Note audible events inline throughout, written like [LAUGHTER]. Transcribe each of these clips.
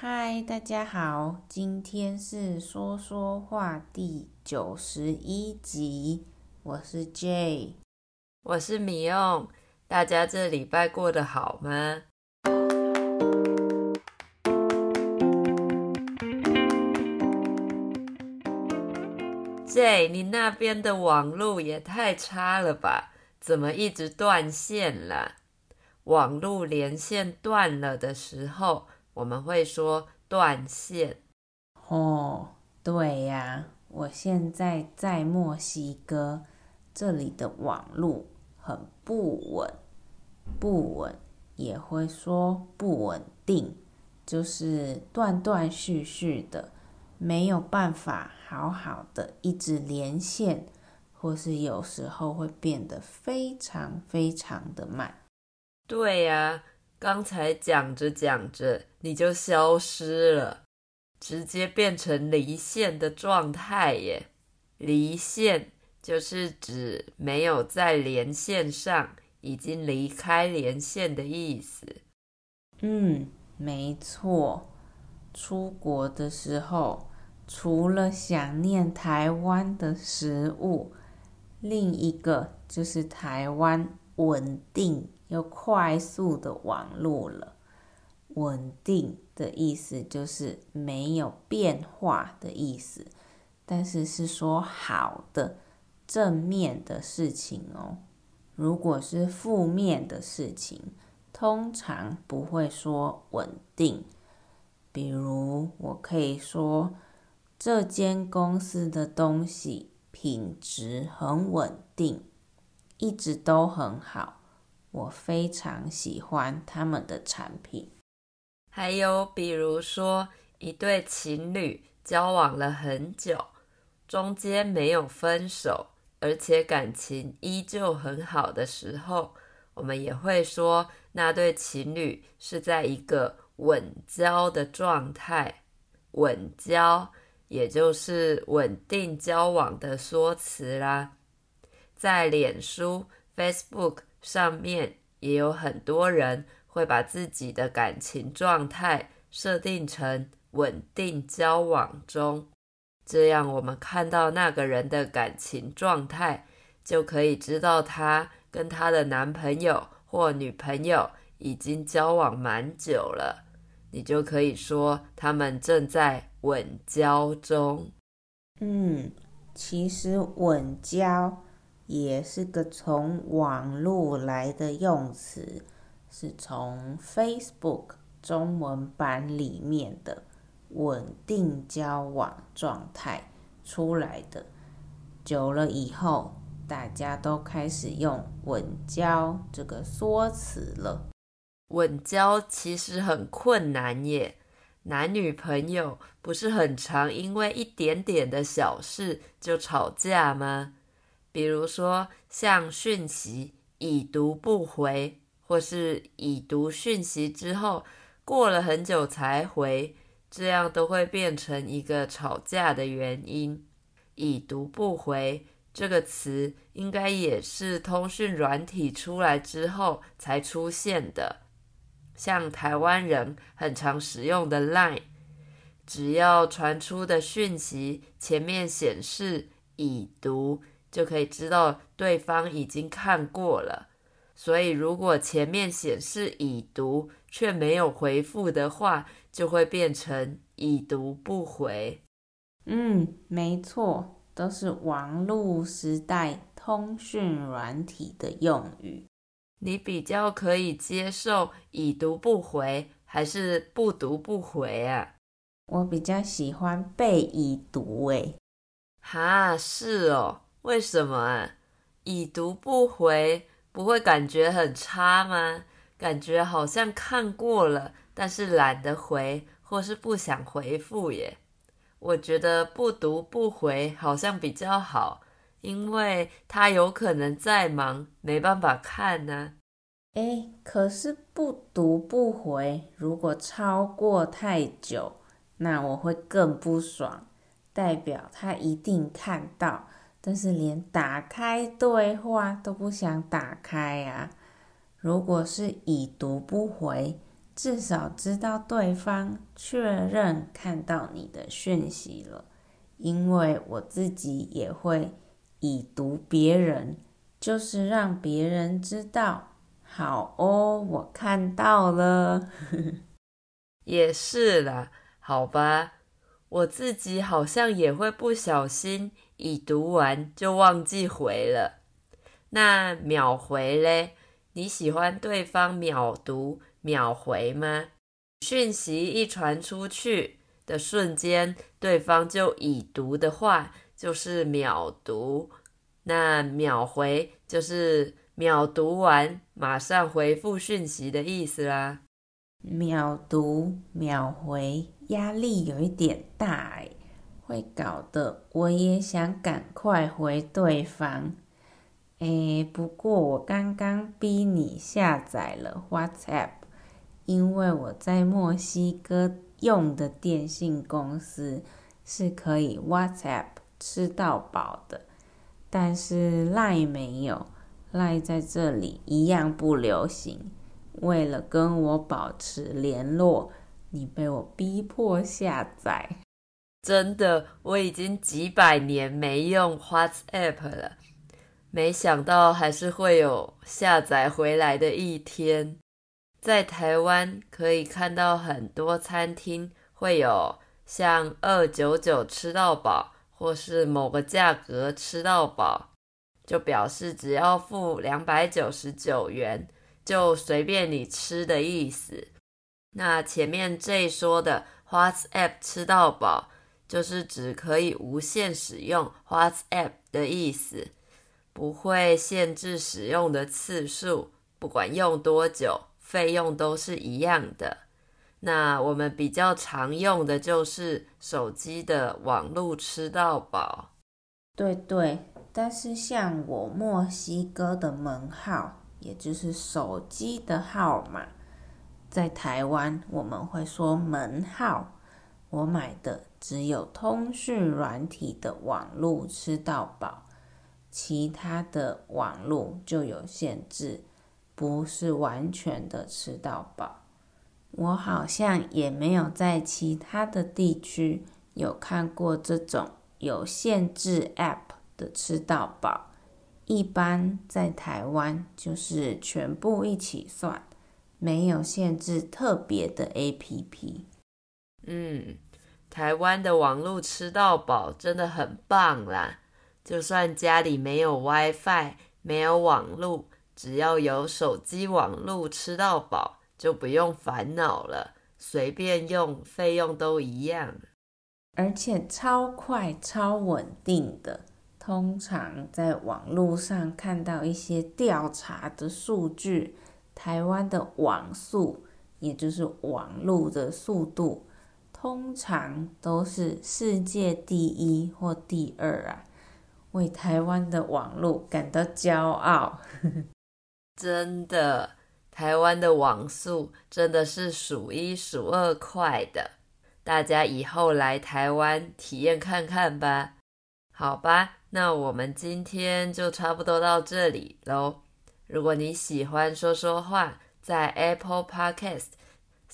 嗨，Hi, 大家好，今天是說說話第九十一集。我是 Jay 我是 Mion 大家這禮拜過得好嗎 [MUSIC] ？Jay 你那邊的網路也太差了吧？怎麼一直斷線了？網路連線斷了的時候。我們會說斷線哦，oh, 對呀、啊，我現在在墨西哥，這裡的網路很不穩，不穩也會說不穩定，就是斷斷續續的，沒有辦法好好的一直連線，或是有時候會變得非常非常的慢。對呀、啊，剛才講着講着。你就消失了，直接變成離線的狀態耶。離線就是指沒有在連線上，已經離開連線的意思。嗯，沒錯。出國的時候，除了想念台灣的食物，另一個就是台灣穩定又快速的網絡了。穩定的意思就是沒有變化的意思，但是是說好的正面的事情哦。如果是負面的事情，通常不會說穩定。比如，我可以說這間公司的東西品質很穩定，一直都很好，我非常喜歡他們的產品。還有，比如說，一對情侶交往了很久，中間沒有分手，而且感情依舊很好的時候，我們也會說那對情侶是在一個穩交的狀態。穩交，也就是穩定交往的說辭啦。在臉書 Facebook 上面，也有很多人，會把自己的感情狀態設定成穩定交往中，這樣我們看到那個人的感情狀態，就可以知道他跟他的男朋友或女朋友已經交往蠻久了。你就可以說他們正在穩交中。嗯，其實穩交也是個從網路來的用詞。是從 Facebook 中文版裡面的“穩定交往狀態”出來的，久了以後，大家都開始用“穩交”這個說辭了。穩交其實很困難耶，男女朋友不是很常因為一點點的小事就吵架嗎？比如說像訊息已讀不回。或是已讀訊息之後，過了很久才回，這樣都會變成一個吵架的原因。已讀不回這個詞應該也是通訊軟體出來之後才出現的，像台灣人很常使用的 LINE，只要傳出的訊息前面顯示已讀，就可以知道對方已經看過了。所以，如果前面顯示已讀卻沒有回復的話，就會變成已讀不回。嗯，沒錯，都是網路時代通訊軟體的用語。你比較可以接受已讀不回，還是不讀不回啊？我比較喜歡被已讀哎、欸。哈、啊，是哦，為什麼啊？已讀不回。不會感覺很差嗎？感覺好像看過了，但是懶得回，或是不想回覆耶。我覺得不讀不回好像比較好，因為他有可能在忙，沒辦法看呢、啊。誒，可是不讀不回，如果超過太久，那我會更不爽，代表他一定看到。真是連打開對話都不想打開啊！如果是已讀不回，至少知道對方確認看到你的訊息了。因為我自己也會已讀別人，就是讓別人知道。好哦，我看到了。 [LAUGHS] 也是了，好吧，我自己好像也會不小心。已讀完就忘記回了，那秒回嘞？你喜歡對方秒讀秒回嗎？訊息一傳出去的瞬間，對方就已讀的話，就是秒讀；那秒回就是秒讀完馬上回覆訊息的意思啦。秒讀秒回，壓力有一點大誒。會搞的，我也想趕快回對方。誒，不過我剛剛逼你下載了 WhatsApp，因為我在墨西哥用的電信公司是可以 WhatsApp 吃到飽的，但是 LINE 沒有，LINE 在這裡一樣不流行。為了跟我保持聯絡，你被我逼迫下載。真的，我已經幾百年沒用 WhatsApp 了，沒想到還是會有下載回來的一天。在台灣可以看到很多餐廳會有像二九九吃到飽，或是某個價格吃到飽，就表示只要付兩百九十九元，就隨便你吃的意思。那前面這一說的 WhatsApp 吃到飽，就是只可以無限使用 WhatsApp 的意思，不會限制使用的次數，不管用多久，費用都是一樣的。那我們比較常用的就是手機的網路吃到飽。對對，但是像我墨西哥的門號，也就是手機的號碼，在台灣我們會說門號。我買的只有通訊軟體的網路吃到飽，其他的網路就有限制，不是完全的吃到飽。我好像也沒有在其他的地區有看過這種有限制 App 的吃到飽。一般在台灣就是全部一起算，沒有限制特別的 App。嗯。台灣的網路吃到飽真的很棒啦！就算家裡沒有 Wi-Fi，沒有網路，只要有手機網路吃到飽，就不用煩惱了，隨便用，費用都一樣，而且超快、超穩定的。通常在網路上看到一些調查的數據，台灣的網速，也就是網路的速度。通常都是世界第一或第二啊，為台灣的網絡感到驕傲。 [LAUGHS] 真的，台灣的網速真的是數一數二快的，大家以後來台灣體驗看看吧。好吧，那我們今天就差不多到這裡嘍。如果你喜歡說說話，在 Apple Podcast、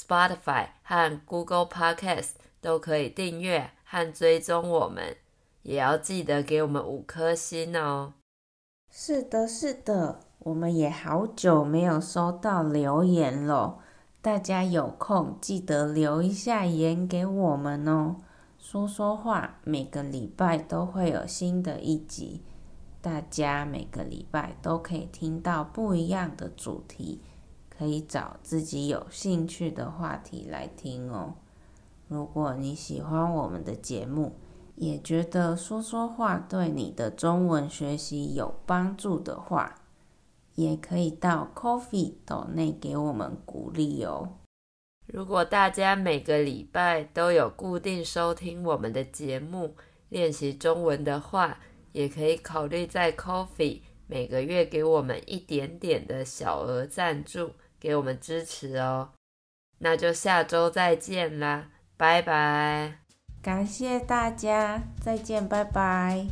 Spotify 和 Google Podcast 都可以訂閱和追蹤我們，也要記得給我們五顆星哦。是的，是的，我們也好久沒有收到留言了，大家有空記得留一下言給我們哦，說說話。每個禮拜都會有新的一集，大家每個禮拜都可以聽到不一樣的主題。可以找自己有興趣的話題來聽哦。如果你喜歡我們的節目，也覺得說說話對你的中文學習有幫助的話，也可以到 Ko-fi 斗內給我們鼓勵哦。如果大家每個禮拜都有固定收聽我們的節目，練習中文的話，也可以考慮在 Ko-fi 每個月給我們一點點的小額贊助。給我們支持哦，那就下週再見啦，拜拜！感謝大家，再見，拜拜。